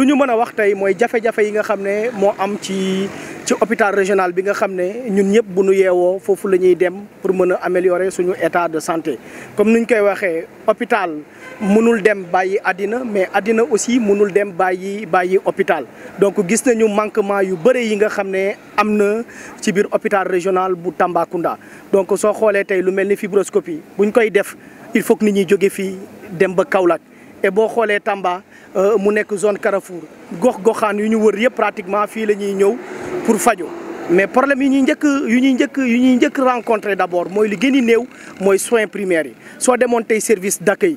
lu ñu mën a wax tey mooy jafe-jafe yi nga xam ne moo am ci ci hôpital régional bi nga xam ne ñun ñëpp bu ñu yeewoo foofu la ñuy dem pour mën a améliorer suñu état de santé comme ni ñu koy waxee hôpital mënul dem bàyyi àddina mais addina aussi mënul dem bàyyi bàyyi hôpital donc gis nañu manquement yu bëre yi nga xam ne am na ci biir hôpital régional bu Tambacounda donc soo xoolee tey lu mel ni fibroscopie ñu koy def il faut ni ñuy ñi jóge fii dem ba Kaolack et bo xolé Tamba euh, mu nek zone Carrefour gox-goxaan yu ñu wër yëpp pratiquement fi lañuy ñëw pour fajo mais problème yi ñi njëkk yu ñi njëkk yu ñi njëkk rencontrer d'abord moy li gëni a moy soins primaires so soo service d'accueil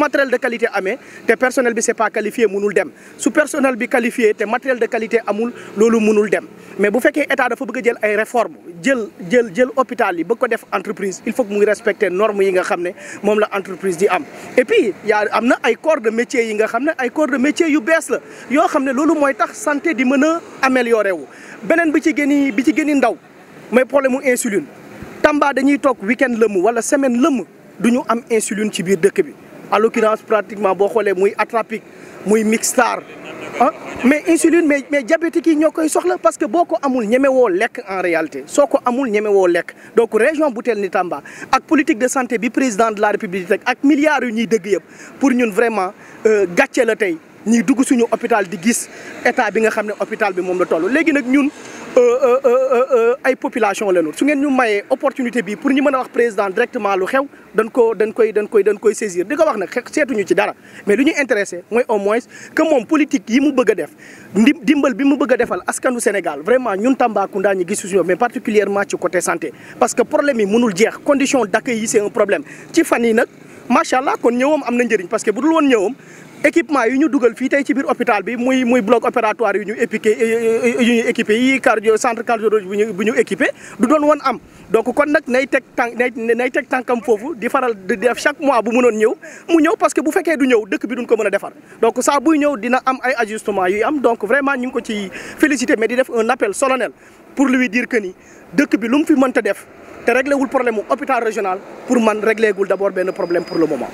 matériel de qualité amé té personnel bi c'est pas qualifié mënul dem su personnel bi qualifié té matériel de qualité amul loolu mënul dem mais bu féké état dafa bëgg jël ay réformes jël jël jël hôpital yi bëgg ko def entreprise il faut que muy respecter normes yi nga xamné mom la entreprise di am. et puis yaa amna ay corps de métier yi nga xamné ay corps de métier yu bees la yo xamné ne moy tax santé di mëna améliorer wu benen bi ci gën bi ci gën ndaw mooy problème insuline Tamba dañuy tok week-end lëmm wala semaine lëmm duñu am insuline ci biir dëkk bi en l'occurrence pratiquement boo xoolee muy atrapique muy mixtar ah, mais insuline mais mais diabétique ñokoy soxla parce que boko ko amul ñemewoo lek en réalité soko amul pas lek donc région boutel nitamba avec la politique de santé bi président de la république avec des milliards yu pour ñun vraiment euh, gâcher la thé ni dugg suñu hôpital di gis état bi nga xamné hôpital bi mom la tollu légui nak ñun euh, euh, euh, ay population lañu su ngeen ñu mayé opportunité bi pour ñu mëna wax président directement lu xew dañ ko dañ koy dañ koy dañ koy saisir di wax nak nag ñu ci dara mais lu ñu intéressé moy au moins que mom politique yi mu bëgg def dimbal bi mu bëgg défal askanu Sénégal vraiment ñun Tambacounda ñu gis suñu mais particulièrement ci côté santé parce que problème yi mënul jeex condition d'accueil c'est un problème ci fan yi nag macha kon ñëwam am na parce que bu dul won ñëwam équipement yi ñu dugal fii tey ci biir hôpital bi muy muy bloc opératoire yu ñu épiqué yu ñu équipé yi cardio centre cardiologique bi ñu bi ñu équipé du doon won am donc kon nak nay tek tànk nay nay teg tànkam foofu di faral di def chaque mois bu mënon ñew mu ñew parce que bu fekkee du ñew dëkk bi duñ ko mëna défar donc ça bu ñew dina am ay ajustement yu am donc vraiment ñu ko ci féliciter mais di def un appel solennel pour lui dire que ni dëkk bi lu mu fi mënta def té réglé wul problème hôpital régional pour man réglé gul d'abord ben problème pour le moment